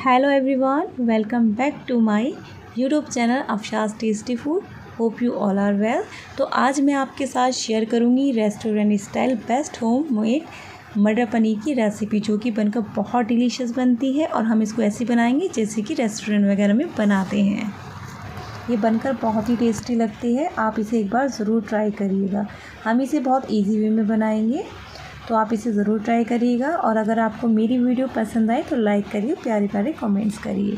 hello everyone welcome back to my YouTube channel Afsha's tasty food hope you all are well तो आज मैं आपके साथ शेयर करूंगी restaurant style best homemade matar paneer की रेसिपी जो कि बनकर बहुत डिलीशियस बनती है और हम इसको ऐसी बनाएंगे जैसे कि रेस्टोरेंट वगैरह में बनाते हैं ये बनकर बहुत ही टेस्टी लगती है आप इसे एक बार ज़रूर ट्राई करिएगा हम इसे बहुत ईजी वे में बनाएंगे तो आप इसे ज़रूर ट्राई करिएगा और अगर आपको मेरी वीडियो पसंद आए तो लाइक करिए प्यारे प्यारे कमेंट्स करिए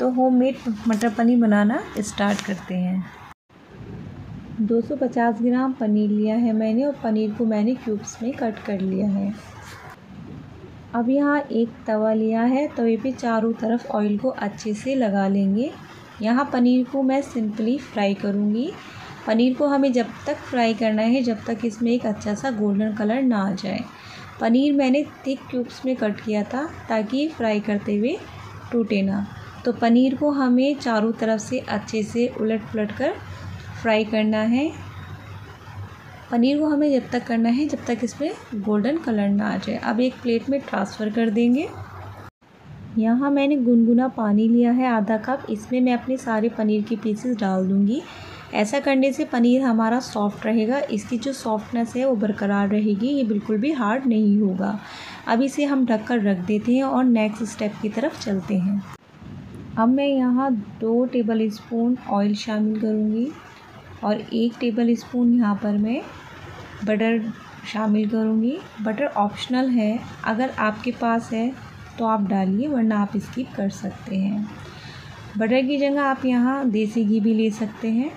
तो होममेड मटर पनीर बनाना स्टार्ट करते हैं 250 ग्राम पनीर लिया है मैंने और पनीर को मैंने क्यूब्स में कट कर लिया है अब यहाँ एक तवा लिया है तवे पे चारों तरफ ऑयल को अच्छे से लगा लेंगे यहाँ पनीर को मैं सिंपली फ्राई करूँगी पनीर को हमें जब तक फ्राई करना है जब तक इसमें एक अच्छा सा गोल्डन कलर ना आ जाए पनीर मैंने थिक क्यूब्स में कट किया था ताकि फ्राई करते हुए टूटे ना तो पनीर को हमें चारों तरफ से अच्छे से उलट पलट कर फ्राई करना है पनीर को हमें जब तक करना है जब तक इसमें गोल्डन कलर ना आ जाए अब एक प्लेट में ट्रांसफ़र कर देंगे यहाँ मैंने गुनगुना पानी लिया है आधा कप इसमें मैं अपने सारे पनीर के पीसेस डाल दूँगी ऐसा करने से पनीर हमारा सॉफ्ट रहेगा इसकी जो सॉफ्टनेस है वो बरकरार रहेगी ये बिल्कुल भी हार्ड नहीं होगा अब इसे हम ढक कर रख देते हैं और नेक्स्ट स्टेप की तरफ चलते हैं अब मैं यहाँ दो टेबल स्पून ऑयल शामिल करूँगी और एक टेबल स्पून यहाँ पर मैं बटर शामिल करूँगी बटर ऑप्शनल है अगर आपके पास है तो आप डालिए वरना आप स्किप कर सकते हैं बटर की जगह आप यहाँ देसी घी भी ले सकते हैं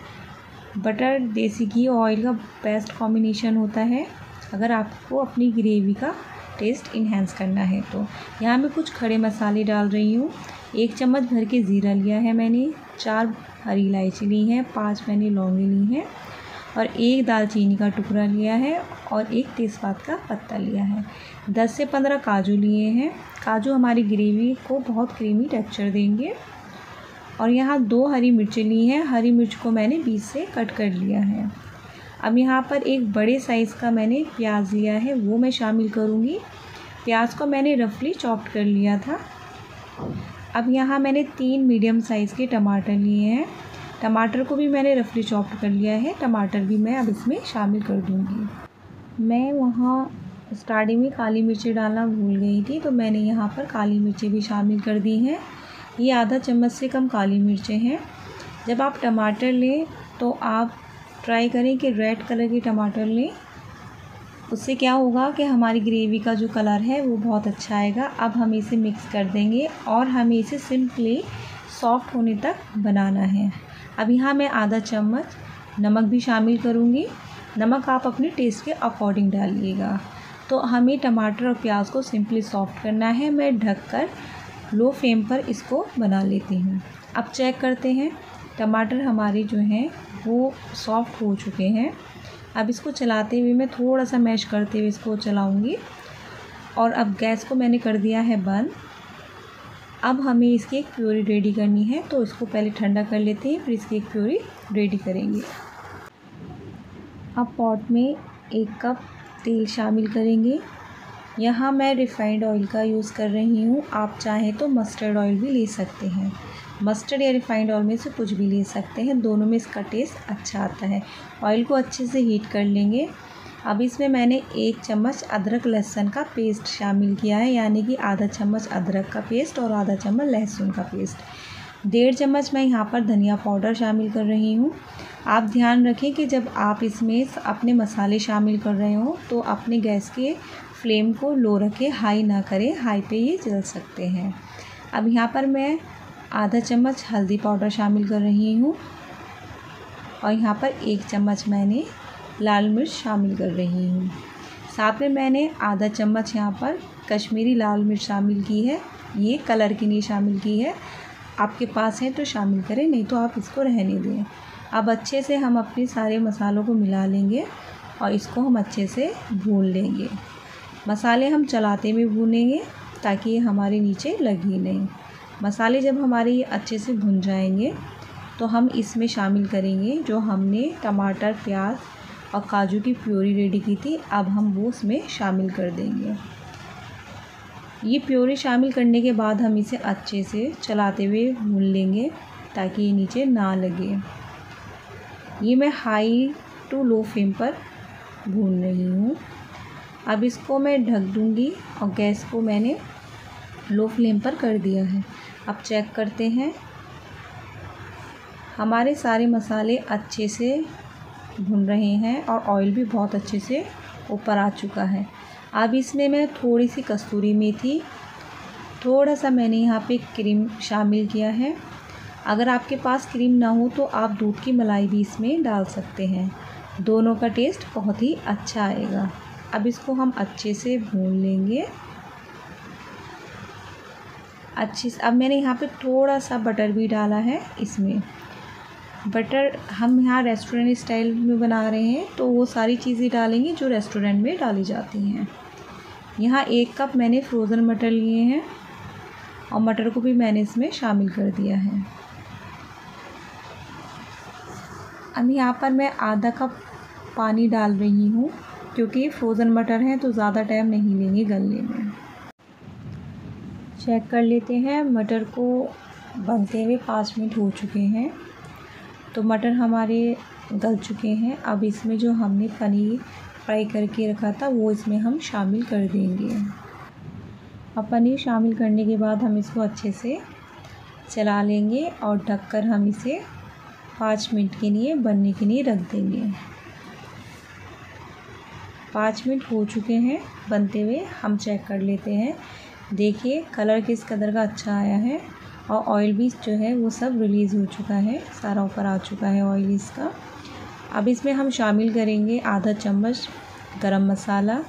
बटर देसी घी और ऑयल का बेस्ट कॉम्बिनेशन होता है अगर आपको अपनी ग्रेवी का टेस्ट इन्हेंस करना है तो यहाँ मैं कुछ खड़े मसाले डाल रही हूँ एक चम्मच भर के ज़ीरा लिया है मैंने चार हरी इलायची ली है पाँच मैंने लौंगी ली हैं और एक दालचीनी का टुकड़ा लिया है और एक तेज़पात का पत्ता लिया है दस से पंद्रह काजू लिए हैं काजू हमारी ग्रेवी को बहुत क्रीमी टेक्चर देंगे और यहाँ दो हरी मिर्चें ली हैं हरी मिर्च को मैंने बीच से कट कर लिया है अब यहाँ पर एक बड़े साइज़ का मैंने प्याज लिया है वो मैं शामिल करूँगी प्याज को मैंने रफली चॉप्ट कर लिया था अब यहाँ मैंने तीन मीडियम साइज़ के टमाटर लिए हैं टमाटर को भी मैंने रफली चॉप्ट कर लिया है टमाटर भी मैं अब इसमें शामिल कर दूँगी मैं वहाँ स्टार्टिंग में काली मिर्ची डालना भूल गई थी तो मैंने यहाँ पर काली मिर्ची भी शामिल कर दी हैं ये आधा चम्मच से कम काली मिर्चें हैं जब आप टमाटर लें तो आप ट्राई करें कि रेड कलर के टमाटर लें उससे क्या होगा कि हमारी ग्रेवी का जो कलर है वो बहुत अच्छा आएगा अब हम इसे मिक्स कर देंगे और हमें इसे सिंपली सॉफ्ट होने तक बनाना है अब यहाँ मैं आधा चम्मच नमक भी शामिल करूँगी नमक आप अपने टेस्ट के अकॉर्डिंग डालिएगा तो हमें टमाटर और प्याज को सिंपली सॉफ्ट करना है मैं ढक कर लो फ्लेम पर इसको बना लेती हूँ अब चेक करते हैं टमाटर हमारे जो हैं वो सॉफ्ट हो चुके हैं अब इसको चलाते हुए मैं थोड़ा सा मैश करते हुए इसको चलाऊँगी और अब गैस को मैंने कर दिया है बंद अब हमें इसकी एक प्योरी रेडी करनी है तो इसको पहले ठंडा कर लेते हैं फिर इसकी एक प्योरी रेडी करेंगे अब पॉट में एक कप तेल शामिल करेंगे यहाँ मैं रिफ़ाइंड ऑयल का यूज़ कर रही हूँ आप चाहें तो मस्टर्ड ऑयल भी ले सकते हैं मस्टर्ड या रिफ़ाइंड ऑयल में से कुछ भी ले सकते हैं दोनों में इसका टेस्ट अच्छा आता है ऑयल को अच्छे से हीट कर लेंगे अब इसमें मैंने एक चम्मच अदरक लहसुन का पेस्ट शामिल किया है यानी कि आधा चम्मच अदरक का पेस्ट और आधा चम्मच लहसुन का पेस्ट डेढ़ चम्मच मैं यहाँ पर धनिया पाउडर शामिल कर रही हूँ आप ध्यान रखें कि जब आप इसमें अपने मसाले शामिल कर रहे हो तो अपने गैस के फ्लेम को लो रखें हाई ना करें हाई पे ये जल सकते हैं अब यहाँ पर मैं आधा चम्मच हल्दी पाउडर शामिल कर रही हूँ और यहाँ पर एक चम्मच मैंने लाल मिर्च शामिल कर रही हूँ साथ में मैंने आधा चम्मच यहाँ पर कश्मीरी लाल मिर्च शामिल की है ये कलर के लिए शामिल की है आपके पास है तो शामिल करें नहीं तो आप इसको रहने दें अब अच्छे से हम अपने सारे मसालों को मिला लेंगे और इसको हम अच्छे से भून लेंगे मसाले हम चलाते में भूनेंगे ताकि ये हमारे नीचे लगी नहीं मसाले जब हमारे ये अच्छे से भुन जाएंगे तो हम इसमें शामिल करेंगे जो हमने टमाटर प्याज और काजू की प्योरी रेडी की थी अब हम वो उसमें शामिल कर देंगे ये प्योरे शामिल करने के बाद हम इसे अच्छे से चलाते हुए भून लेंगे ताकि ये नीचे ना लगे ये मैं हाई टू लो फ्लेम पर भून रही हूँ अब इसको मैं ढक दूँगी और गैस को मैंने लो फ्लेम पर कर दिया है अब चेक करते हैं हमारे सारे मसाले अच्छे से भुन रहे हैं और ऑयल भी बहुत अच्छे से ऊपर आ चुका है अब इसमें मैं थोड़ी सी कस्तूरी मेथी थोड़ा सा मैंने यहाँ पे क्रीम शामिल किया है अगर आपके पास क्रीम ना हो तो आप दूध की मलाई भी इसमें डाल सकते हैं दोनों का टेस्ट बहुत ही अच्छा आएगा अब इसको हम अच्छे से भून लेंगे अच्छे से अब मैंने यहाँ पे थोड़ा सा बटर भी डाला है इसमें बटर हम यहाँ रेस्टोरेंट स्टाइल में बना रहे हैं तो वो सारी चीज़ें डालेंगे जो रेस्टोरेंट में डाली जाती हैं यहाँ एक कप मैंने फ्रोज़न मटर लिए हैं और मटर को भी मैंने इसमें शामिल कर दिया है अब यहाँ पर मैं आधा कप पानी डाल रही हूँ क्योंकि फ्रोज़न मटर हैं तो ज़्यादा टाइम नहीं लेंगे गलने में चेक कर लेते हैं मटर को बनते हुए पाँच मिनट हो चुके हैं तो मटर हमारे गल चुके हैं अब इसमें जो हमने पनीर फ्राई करके रखा था वो इसमें हम शामिल कर देंगे अब पनीर शामिल करने के बाद हम इसको अच्छे से चला लेंगे और ढककर हम इसे पाँच मिनट के लिए बनने के लिए रख देंगे पाँच मिनट हो चुके हैं बनते हुए हम चेक कर लेते हैं देखिए कलर किस कदर का अच्छा आया है और ऑयल भी जो है वो सब रिलीज़ हो चुका है सारा ऊपर आ चुका है ऑयल इसका अब इसमें हम शामिल करेंगे आधा चम्मच गरम मसाला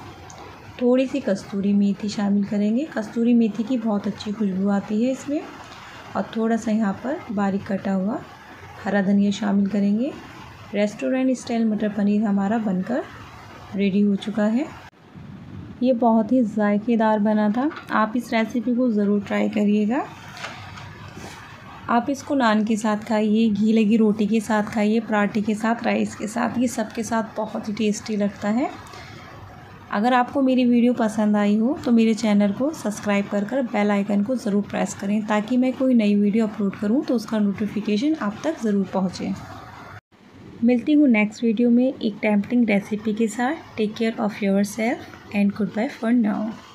थोड़ी सी कस्तूरी मेथी शामिल करेंगे कस्तूरी मेथी की बहुत अच्छी खुशबू आती है इसमें और थोड़ा सा यहाँ पर बारीक कटा हुआ हरा धनिया शामिल करेंगे रेस्टोरेंट स्टाइल मटर पनीर हमारा बनकर रेडी हो चुका है ये बहुत ही ज़ायकेदार बना था आप इस रेसिपी को ज़रूर ट्राई करिएगा आप इसको नान के साथ खाइए घी लगी रोटी के साथ खाइए पराठे के साथ राइस के साथ ये सब के साथ बहुत ही टेस्टी लगता है अगर आपको मेरी वीडियो पसंद आई हो तो मेरे चैनल को सब्सक्राइब कर कर बेल आइकन को ज़रूर प्रेस करें ताकि मैं कोई नई वीडियो अपलोड करूं तो उसका नोटिफिकेशन आप तक ज़रूर पहुंचे मिलती हूँ नेक्स्ट वीडियो में एक टैम्पटिंग रेसिपी के साथ take care of yourself and goodbye for now